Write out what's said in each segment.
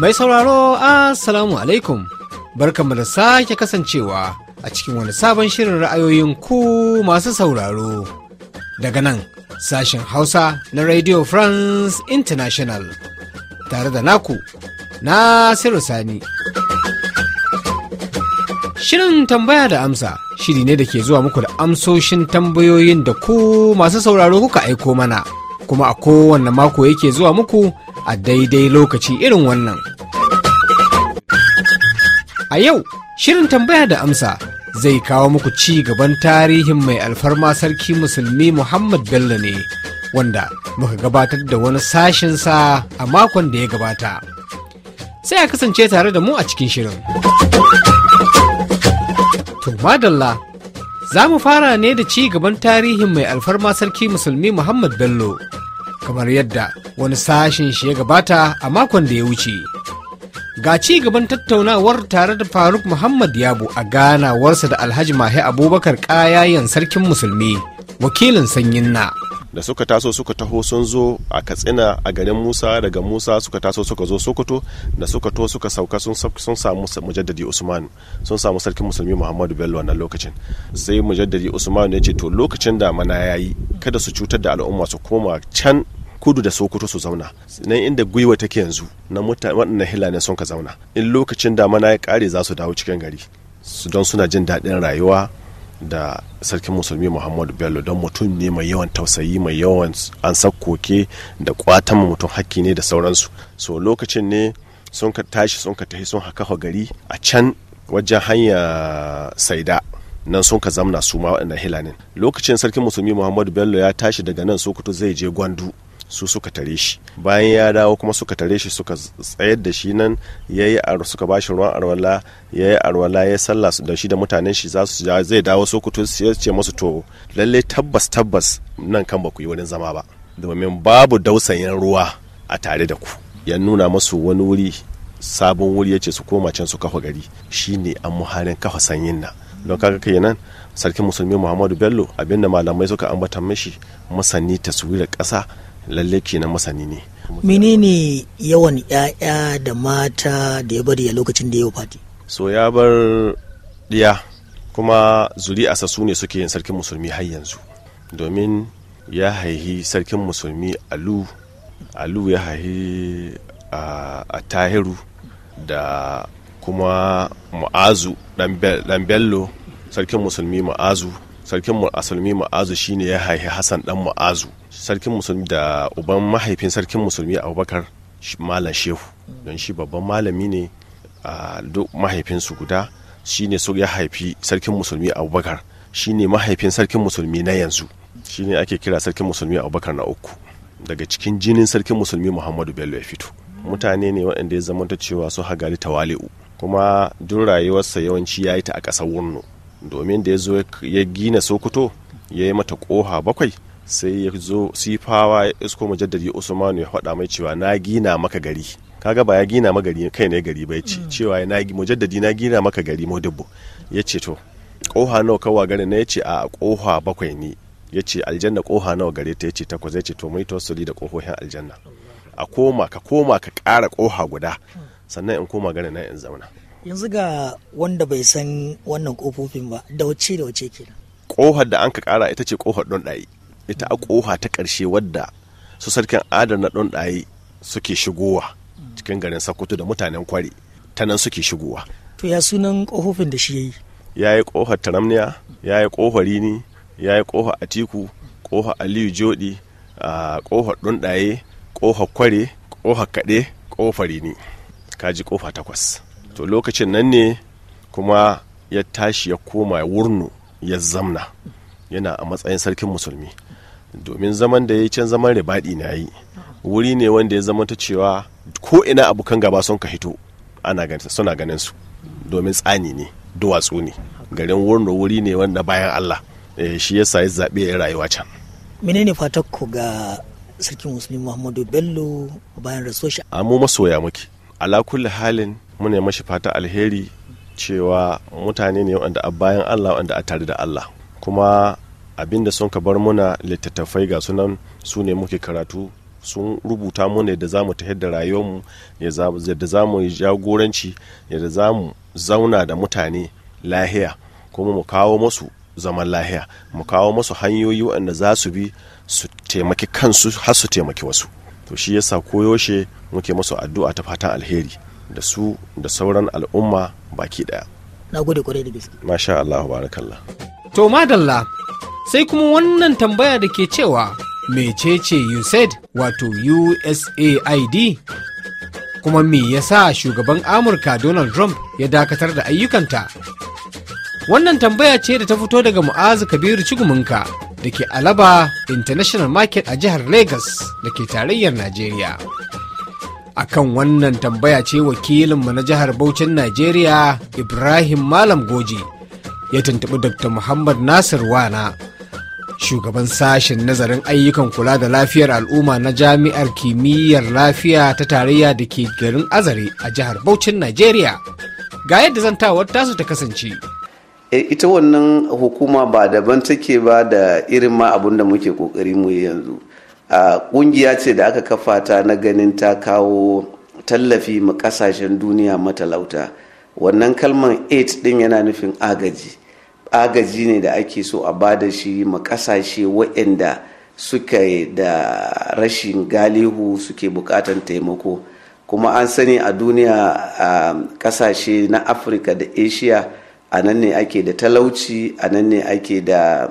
Mai sauraro Assalamu alaikum, barkanmu da sake kasancewa a cikin wani sabon shirin ra'ayoyin ku masu sauraro. Daga nan, sashen Hausa na Radio France International. tare da naku Nasiru Sani. Shirin tambaya da amsa shiri ne da ke zuwa muku da amsoshin tambayoyin da ku masu sauraro kuka aiko mana kuma a kowane mako yake zuwa muku a daidai lokaci irin wannan. A yau shirin tambaya da amsa zai kawo muku ci gaban tarihin mai alfarma sarki musulmi Muhammad Bello ne. wanda muka gabatar da wani sa a makon da ya gabata. Sai a kasance tare da mu a cikin shirin. To madalla, za mu fara ne da ci gaban tarihin mai alfarma sarki musulmi Muhammad Bello, kamar yadda wani sashin shi ya gabata a makon da ya wuce. Ga ci gaban tattaunawar tare da Faruk Muhammad Yabo a ganawarsa da Alhaji Mahi Abubakar ƙayayen sarkin musulmi, wakilin sanyin na. da suka taso suka taho sun zo a katsina a garin musa daga musa suka taso suka zo sokoto da suka to suka sauka sun samu mujaddadi usman sun samu sarkin musulmi muhammadu bello wannan lokacin sai mujaddadi usman ya ce to lokacin da mana ya yi kada su cutar da al'umma su koma can kudu da sokoto su zauna nan inda gwiwa take yanzu na mutane waɗannan hilanen sun ka zauna in lokacin da mana ya kare za su dawo cikin gari su don suna jin daɗin rayuwa da sarkin musulmi muhammadu bello don mutum ne mai yawan tausayi mai yawan an koke da kwatan mutum hakki ne da sauransu so lokacin ne sun ka tashi sun ka tafi sun haka gari a can wajen hanya saida nan sun ka zamna su ma waɗannan hilanin lokacin sarkin musulmi muhammadu bello ya tashi daga nan sokoto zai je gwandu su suka tare shi bayan ya dawo kuma suka tare shi suka tsayar da shi nan ya yi suka ba shi ruwan arwala ya yi arwala ya sallah da shi da mutanen shi za su zai dawo sokoto ya ce musu to lalle tabbas tabbas nan kan ba ku yi wani zama ba domin babu dausayin ruwa a tare da ku ya nuna masu wani wuri sabon wuri ya ce su koma can su kafa gari shine an muhalin kafa sanyin nan don kaga nan sarkin musulmi muhammadu bello abinda malamai suka ambata mishi masani taswirar kasa. lalle na masani ne menene yawan 'ya'ya da mata da ya bari a lokacin da ya yi fati so ya bar diya kuma a su ne suke yin sarkin musulmi har yanzu domin ya haihi sarkin musulmi alu alu ya haihi a tahiru da kuma mu'azu dan bello sarkin musulmi ma'azu sarkin musulmi ma'azu shine ya haihi hassan dan ma'azu sarkin musulmi da uban mahaifin sarkin musulmi abubakar malam shehu don shi babban malami ne a duk mahaifinsu guda shine so ya haifi sarkin musulmi abubakar shine mahaifin sarkin musulmi na yanzu shine ake kira sarkin musulmi abubakar na uku daga cikin jinin sarkin musulmi muhammadu bello ya fito mutane ne waɗanda ya zamanta cewa su hagari tawali'u kuma duk rayuwarsa yawanci ya yi ta a ƙasar wurno domin da ya zo ya gina sokoto ya yi mata ƙoha bakwai sai ya zo sifawa ya isko mujaddadi usmanu ya faɗa mai cewa na gina maka gari kaga ba ya gina maka gari kai ne gari bai ce mm. cewa na mujaddadi na gina maka gari dubbo ya ce to ƙoha nawa kawa garin na ya ce a ƙoha bakwai ne ya ce aljanna ƙoha nawa gare ta ya ce takwas ya ce to mai tawassuli da ƙohohin aljanna a koma ka koma ka ƙara ƙoha guda mm. sannan in koma garin na in zauna yanzu ga wanda bai san wannan kofofin ba da wace da wace kenan kohar da an ka kara ita ce kohar don ɗaye ita a koha ta ƙarshe wadda su sarkin adana don ɗaye suke shigowa cikin garin sakoto da mutanen kwari ta nan suke shigowa to ya sunan kofofin da shi ya yi ya yi kohar taramniya ya yi kohar rini ya yi kohar atiku kohar aliyu jodi kohar ɗunɗaye kohar kware kohar kaɗe kofar rini kaji kofa takwas to lokacin nan ne kuma ya tashi ya koma wurnu ya zamna yana a matsayin sarkin musulmi domin zaman da ya can zaman ribaɗi na yi wuri ne wanda ya zama ta cewa ko ina abokan gaba sun ka hito ana suna ganin su domin tsani ne duwatsu ne garin wurnu wuri ne wanda bayan allah eh, shi yasa ya zaɓe ya rayuwa can menene fatakku ga sarkin musulmi muhammadu bello bayan rasuwa shi masoya muke ala kulli halin muna mashi fata alheri cewa mutane ne wanda a bayan Allah wanda a tare da Allah kuma abinda da sun ka bar muna littattafai ga sunan su ne muke karatu sun rubuta muna yadda za mu ta da rayuwarmu yadda za mu jagoranci yadda za mu zauna da mutane lahiya kuma mu kawo masu zaman lahiya mu kawo masu hanyoyi waɗanda za su bi su taimaki kansu har su taimaki wasu to shi yasa koyaushe muke masu addu'a ta fatan alheri da su da sauran al'umma baki daya na gode kwarai da gaske masha Allah barakallah to madalla sai kuma wannan tambaya da ke cewa mecece USAID wato USAID kuma me yasa shugaban Amurka Donald Trump ya dakatar da ayyukanta wannan tambaya ce da ta fito daga Mu'azu Kabiru Chigumunka da ke Alaba International Market a jihar Lagos da ke tarayyar Najeriya. A kan wannan tambaya ce wakilinmu na jihar Bauchin Najeriya Ibrahim Malam Goji ya tuntuɓi Dr. Muhammad Nasir Wana, shugaban sashen nazarin ayyukan kula da lafiyar al'umma na Jami'ar Kimiyyar Lafiya ta tarayya da ke garin Azare a jihar Bauchin Najeriya. Ga yadda zantawar tasu ta kasance. Eh, ita wannan hukuma ba daban take ba da irin ma abun da muke kokari mu yanzu a kungiya ce da aka kafa ta na ganin ta kawo tallafi ma kasashen duniya matalauta wannan kalman 8 din yana nufin agaji agaji ne da ake so a bada shi ma kasashe waɗanda suka da rashin galihu suke bukatan taimako kuma an sani a duniya a kasashe na afirka da asia a nan ne ake da talauci a nan ne ake da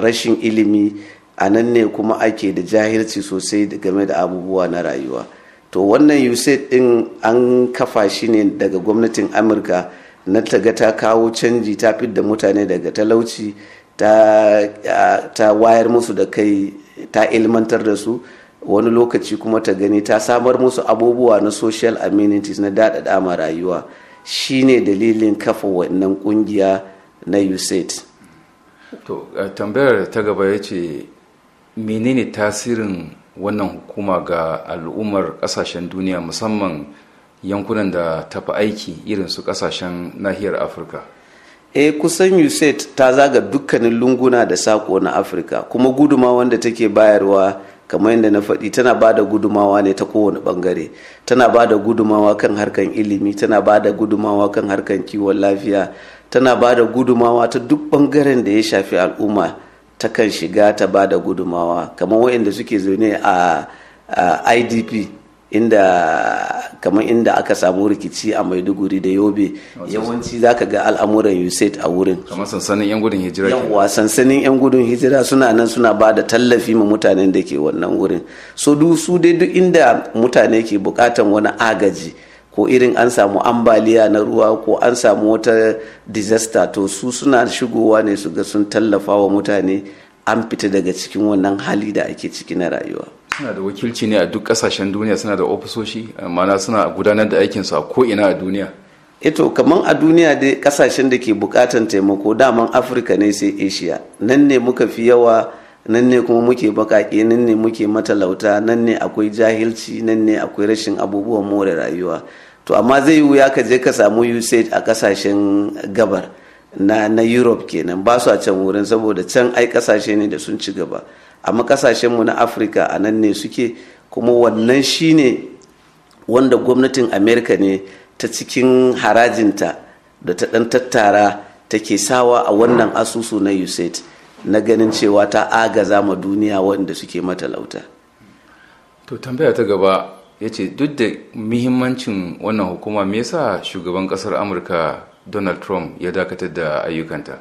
rashin ilimi a nan ne kuma ake da jahilci sosai game da abubuwa na rayuwa to wannan usaid din an kafa shi ne daga gwamnatin amurka na taga ta kawo canji ta da mutane daga talauci ta, wayar musu da kai ta ilmantar da su wani lokaci kuma ta gani ta samar musu abubuwa na social amenities na daɗaɗa ma rayuwa Shi ne dalilin kafa wannan kungiya na usaid to tambayar ta gaba ya ce menene tasirin wannan hukuma ga al'ummar kasashen duniya musamman yankunan da tafi aiki irin su kasashen nahiyar afirka e kusan usaid ta zaga dukkanin lunguna da sako na afirka kuma guduma wanda take bayarwa kamar yadda na faɗi tana ba da gudumawa ne ta kowane ɓangare tana ba da gudumawa kan harkan ilimi tana ba da gudumawa kan harkan kiwon lafiya tana ba da gudumawa ta duk ɓangaren da ya shafi al'umma ta kan shiga ta ba da gudumawa kamar waɗanda suke zaune a idp inda kamar inda aka samu rikici a maiduguri da yobe yawanci za ka ga al'amuran usaid a wurin kamar sansanin yan gudun hijira yawa sansanin yan gudun hijira suna nan suna ba da tallafi ma mutanen da ke wannan wurin so du su dai duk inda mutane ke bukatan wani agaji ko irin an samu ambaliya na ruwa ko an samu wata disaster to su suna shigowa ne su ga sun tallafa wa mutane an fita daga cikin wannan hali da ake ciki na rayuwa suna da wakilci ne a duk kasashen duniya suna da ofisoshi mana suna gudanar da aikinsu a ko'ina a duniya ito kamar a duniya dai kasashen da ke bukatan taimako daman afirka ne sai asia nan ne muka fi yawa nan ne kuma muke bakake nan ne muke matalauta nan ne akwai jahilci nan ne akwai rashin abubuwan more rayuwa to amma zai wuya ka je ka samu usaid a kasashen gabar na, na europe kenan ba su a can wurin saboda can ai kasashe ne da sun ci gaba amma kasashenmu na afirka a nan ne suke kuma wannan shine wanda gwamnatin amerika ne ta cikin harajinta da ta dan tattara take sawa a wannan asusu na usaid na ganin cewa ta agaza ma duniya wanda suke matalauta to tambaya ta gaba ya ce duk da muhimmancin wannan hukuma me yasa shugaban kasar amurka donald trump ya dakatar da ayyukanta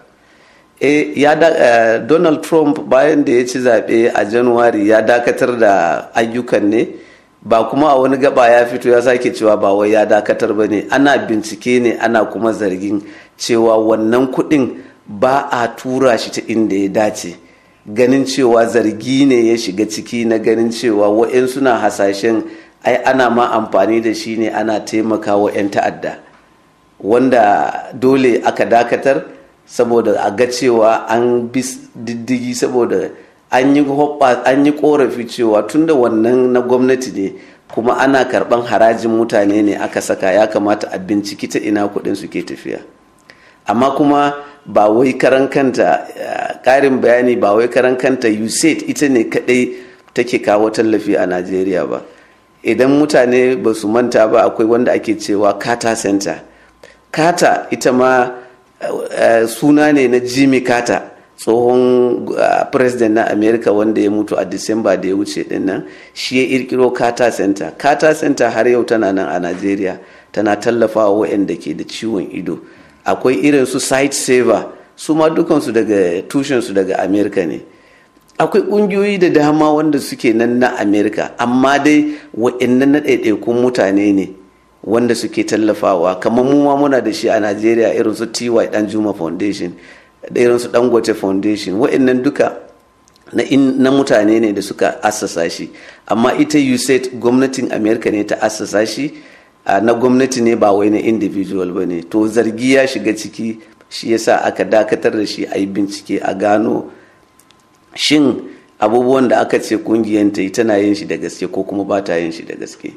eh, eh, donald trump bayan da ya ci zaɓe a januwari ya dakatar da ayyukan ne ba kuma a wani gaba ya fito ya sake cewa ba wai ya dakatar ba ne ana bincike ne ana kuma zargin cewa wannan kuɗin ba a tura shi ta inda ya dace ganin cewa zargi ne ya shiga ciki na ganin cewa wa'in suna hasashen ai ana ma amfani da shi ne ana taimaka wa 'yan ta'adda wanda dole aka dakatar saboda a ga cewa an bi diddigi saboda an yi an yi korafi cewa tunda wannan na gwamnati ne kuma ana karban harajin mutane ne aka saka ya kamata a binciki ta ina kuɗin su ke tafiya amma kuma ba wai karan kanta eh, ƙarin bayani ba wai karan kanta usaid ita ne kaɗai take kawo tallafi a najeriya ba idan mutane ba su manta ba akwai wanda ake cewa carter center kata ita ma eh, suna ne na jimmy kata tsohon eh, president na america wanda ya mutu a disamba da ya wuce dinnan shi ya irkiro kata center kata center har yau tana nan a nigeria tana tallafawa waɗanda ke da ciwon ido akwai irin su site saver su ma dukansu daga tushensu daga america ne akwai ƙungiyoyi da dama wanda suke nan na america amma dai wa'annan na ɗaiɗaikun mutane ne wanda suke tallafawa kamar mu ma muna da shi a najeriya irin su ty danjuma foundation da irin su dangote foundation wa'annan duka na, in, na mutane ne da suka assasa shi amma ita usaid gwamnatin america ne ta assasa shi na gwamnati ne ba wai na individual ba ne to zargi ya shiga ciki shi yasa aka dakatar da shi a yi bincike a gano shin abubuwan da aka ce kungiyar ta yi tana yin shi da gaske ko kuma ba ta yin shi da gaske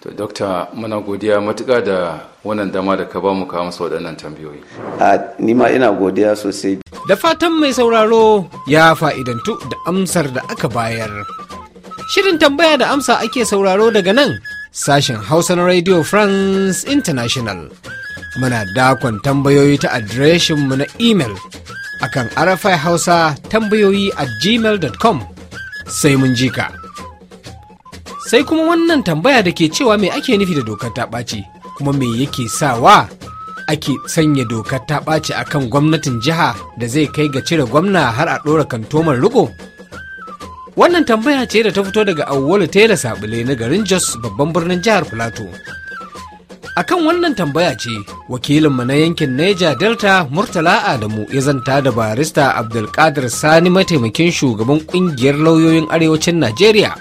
to dokta muna godiya matuƙa da wannan dama da ka bamu kawo masa waɗannan tambayoyi a nima ina godiya sosai da fatan mai sauraro ya fa'idantu da amsar da aka bayar shirin tambaya da amsa ake sauraro daga nan sashen hausa na radio france international muna dakon tambayoyi ta adireshinmu na email akan arafai hausa tambayoyi a gmail.com sai mun jika sai kuma wannan tambaya da ke cewa me ake nufi da dokar ta ɓaci kuma me yake sawa ake sanya dokar ta ɓaci a kan gwamnatin jiha da zai kai ga cire gwamna har a ɗora kantomar riko wannan tambaya ce da ta fito daga awwalu tela sabule na garin jos babban birnin jihar filato A kan wannan tambaya ce wakilinmu na yankin Niger Delta Murtala Adamu ya zanta da barista Abdulkadir Sani mataimakin shugaban kungiyar lauyoyin arewacin Najeriya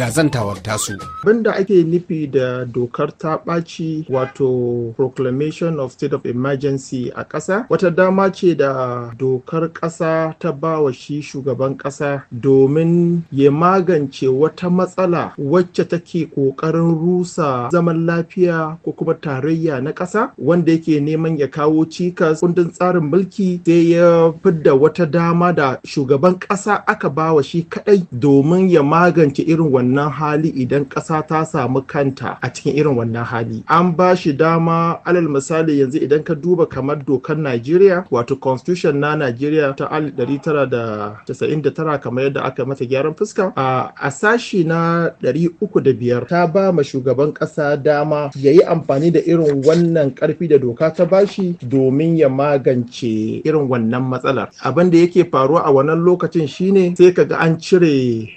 ga zantawar tasu. Banda ake nufi da dokar ta ɓaci wato proclamation of state of emergency a ƙasa wata dama ce da dokar ƙasa ta bawa shi shugaban ƙasa domin ya magance wata matsala wacce take ƙoƙarin rusa zaman lafiya ko kuma tarayya na ƙasa wanda yake neman ya kawo cikas kundin tsarin mulki sai ya fidda wata dama da shugaban ƙasa aka bawa shi kaɗai domin ya magance irin wannan wannan hali idan ƙasa ta samu kanta a cikin irin wannan hali an ba shi dama alal misali yanzu idan ka duba kamar dokar najeriya wato constitution na najeriya ta 1999 kamar yadda aka mata gyaran fuska a sashi na 305 ta ba ma shugaban ƙasa dama ya yi amfani da irin wannan ƙarfi da doka ta bashi domin ya magance irin wannan matsalar abin da yake faruwa a wannan lokacin shine sai ka ga an cire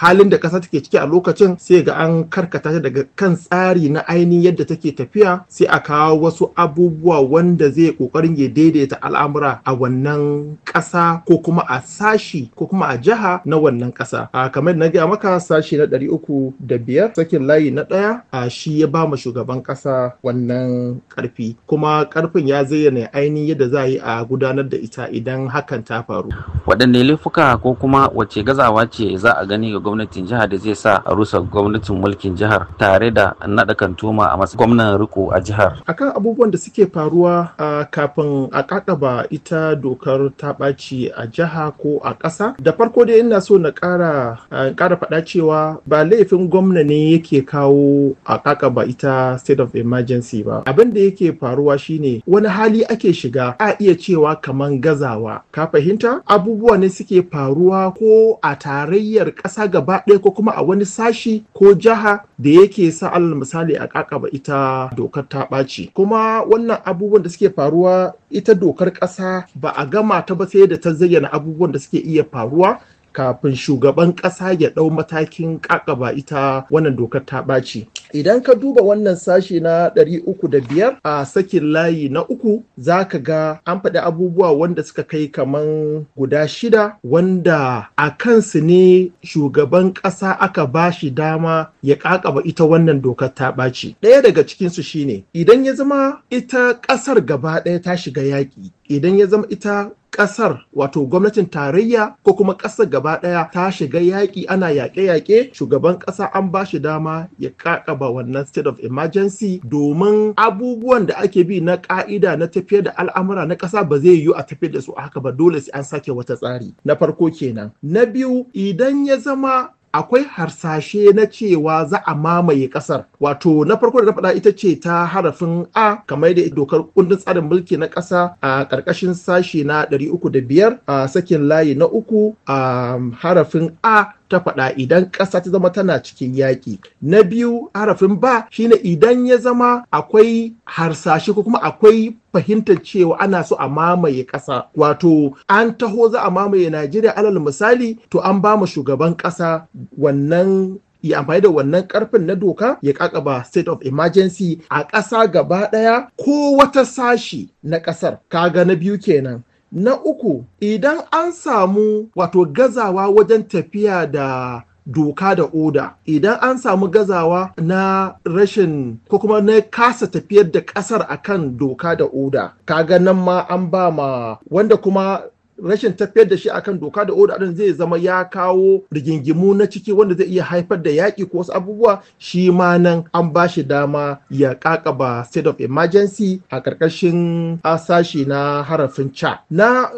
halin da ƙasa take ciki a lokacin sai ga an karkata ta daga kan tsari na ainihin yadda take tafiya sai a kawo wasu abubuwa wanda zai kokarin ya daidaita al'amura a wannan ƙasa ko kuma a sashi ko kuma a jiha na wannan ƙasa a kamar na gaya maka sashi na ɗari uku da biyar sakin layi na ɗaya a shi ya ba ma shugaban ƙasa wannan ƙarfi kuma ƙarfin ya zayyana ainihin yadda za a yi a gudanar da ita idan hakan ta faru waɗanne laifuka ko kuma wace gazawa ce za a gani ga gwamnatin jiha da zai sa a rusa gwamnatin mulkin jihar tare da naɗa kantoma a matsayin gwamnan riko a jihar. Akan abubuwan da suke faruwa a kafin a kakaba ita dokar ta ɓaci a jiha ko a ƙasa. Da farko dai ina so na ƙara faɗa cewa ba laifin gwamna ne yake kawo a kakaba ita state of emergency ba. Abin da yake faruwa shine wani hali ake shiga a iya cewa kaman gazawa. Ka fahimta? Abubuwa ne suke faruwa ko a tarayyar ƙasa gaba ɗaya ko kuma a wani sashi ko jaha da yake sa alal misali a kakaba ita dokar ta ɓaci kuma wannan abubuwan da suke faruwa ita dokar ƙasa ba a gama ta ba sai da ta zayyana abubuwan da suke iya faruwa kafin shugaban ƙasa ya ɗau matakin ƙaƙaba ita wannan dokar ta ɓaci. Idan ka duba wannan sashi na ɗari uku da biyar a sakin layi na uku za ka ga an faɗi abubuwa wanda suka kai kaman guda shida wanda a kansu ne shugaban ƙasa aka ba shi dama ya ƙaƙaba ita wannan dokar ta ɓaci. Ɗaya daga cikinsu shine idan ya zama ita ƙasar gaba ɗaya ta shiga yaƙi idan ya zama ita ƙasar wato gwamnatin tarayya ko kuma ƙasar gaba ɗaya ta shiga yaƙi ana yaƙe-yaƙe shugaban ƙasa an ba shi dama ya ƙaƙaba wannan state of emergency domin abubuwan da ake bi na ƙa'ida na tafiyar da al'amura na ƙasa ba zai yiwu a tafiyar da su haka ba dole sai an sake wata tsari na farko kenan na biyu idan ya zama akwai harsashe na cewa za a mamaye kasar wato na farko da na faɗa ita ce ta harafin a kamar da dokar kundin tsarin mulki na ƙasa a ƙarƙashin sashi na 305 a sakin layi na uku a harafin a ta faɗa idan ƙasa ta zama tana cikin yaƙi na biyu harafin ba shine idan ya zama akwai harsashi ko kuma akwai fahimtar cewa ana so a mamaye ƙasa wato an taho za a mamaye najeriya alal misali to an ba mu shugaban ƙasa wannan ya amfani da wannan karfin na doka ya kakaba state of emergency a ƙasa gaba ɗaya ko wata sashi na ƙasar kaga na biyu kenan Na uku, idan an samu wato gazawa wajen tafiya da doka da oda idan an samu gazawa na rashin ko kuma na kasa tafiyar da kasar akan doka da oda kaga nan ma an ba ma wanda kuma rashin tafiyar da shi akan doka da oda din zai zama ya kawo rigingimu na ciki wanda zai iya haifar da yaƙi ko wasu abubuwa shi ma nan an ba shi dama ya kakaba state of emergency a ƙarƙashin sashi na harafin ca na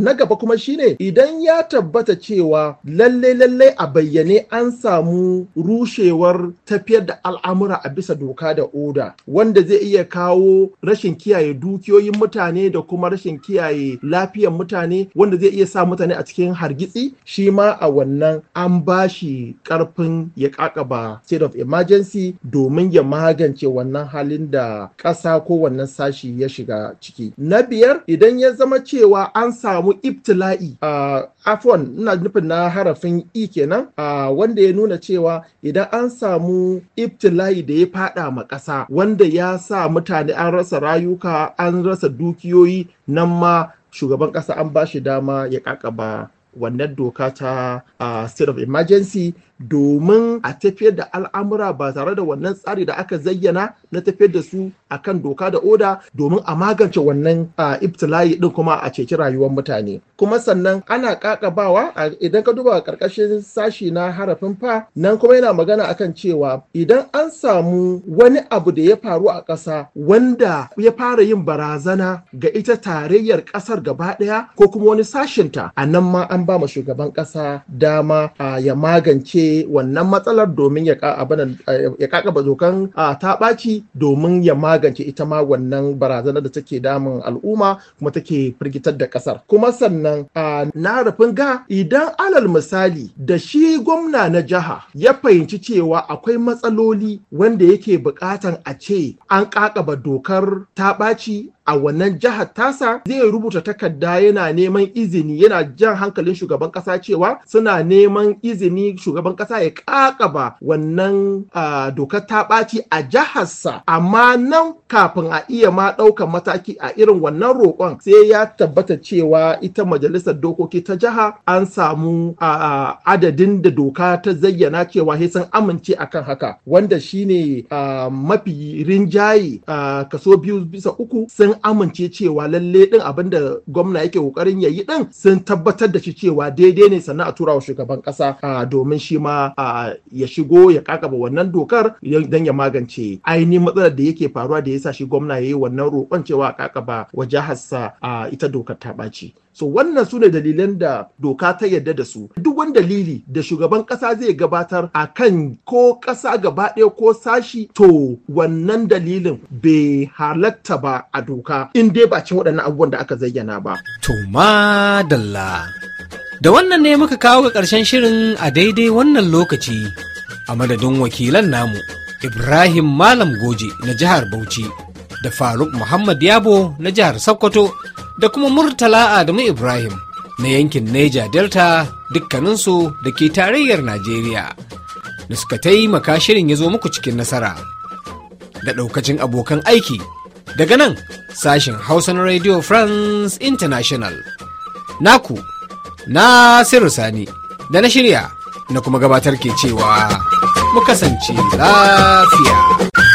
na gaba kuma shine idan ya tabbata cewa lalle lalle a bayyane an samu rushewar tafiyar da al'amura a bisa doka da oda wanda zai iya kawo rashin kiyaye dukiyoyin mutane da kuma rashin kiyaye lafiyar mutane wanda zai iya sa mutane a cikin hargitsi shi ma a wannan an ba shi karfin ya kakaba state of emergency domin ya magance wannan halin da ƙasa ko wannan sashi ya shiga ciki na biyar idan ya zama cewa an samu ibtila'i a uh, afon ina nufin na harafin i kenan a uh, wanda ya nuna cewa idan an samu ibtila'i da ya fada ma ƙasa wanda ya sa mutane an rasa rayuka an rasa dukiyoyi nan ma shugaban ƙasa an ba shi dama ya ƙaƙaba wannan doka ta ah, state of emergency domin a tafiyar da al'amura ba tare da wannan tsari da aka zayyana na tafiyar da su a kan doka da oda domin a magance wannan ibtila'i din kuma a ceci rayuwar mutane kuma sannan ana kakabawa idan ka duba karkashin sashi na harafin fa nan kuma yana magana akan cewa idan an samu wani abu da ya faru a ƙasa wanda ya fara yin barazana ga ita tarayyar ƙasar gaba ɗaya ko kuma wani sashinta a nan ma an ba ma shugaban ƙasa dama ya magance wannan matsalar domin ya ƙaƙaba zokan ta taɓaci domin ya magance ita ma wannan barazanar da take damun al'umma kuma take firgitar da ƙasar kuma sannan na rufin ga idan alal misali da shi gwamna na jiha ya fahimci cewa akwai matsaloli wanda yake buƙatan a ce an kakaba dokar taɓaci. a wannan jihar tasa zai rubuta takarda yana neman izini yana jan hankalin shugaban kasa cewa suna neman izini shugaban kasa ya kakaba wannan dokar ta ɓaci a jiharsa amma nan kafin a iya ma ɗaukan mataki a irin wannan roƙon sai ya tabbata cewa ita majalisar dokoki ta jiha an samu adadin da doka ta zayyana cewa sai sun amince akan haka wanda shine mafi rinjaye kaso biyu bisa uku sun amince cewa lalle din abin da gwamna yake kokarin ya yi din sun tabbatar da shi cewa daidai ne sannan a tura wa shugaban kasa domin shi ma ya shigo ya kakaba wannan dokar don ya magance ainihin matsalar da yake faruwa da ya sa shi gwamna ya yi wannan roƙon cewa a kakaba wa jihar ita dokar ta ɓaci. so wannan su ne dalilan da doka ta yadda da su duk wani dalili da shugaban kasa zai gabatar a kan ko kasa gaba ɗaya ko sashi to wannan dalilin bai halatta ba a doka sauka in dai ba cin waɗannan abubuwan da aka zayyana ba. To madalla. Da wannan ne muka kawo ga ƙarshen shirin a daidai wannan lokaci a madadin wakilan namu Ibrahim Malam Goje na jihar Bauchi da Faruk Muhammad Yabo na jihar Sokoto da kuma Murtala Adamu Ibrahim na yankin Neja Delta dukkaninsu da ke tarayyar Najeriya da suka taimaka shirin ya zo muku cikin nasara. Da ɗaukacin abokan aiki Daga nan sashen Hausa na Radio France International. Naku, Nasiru Sani, da na shirya na kuma gabatar ke cewa mu kasance lafiya.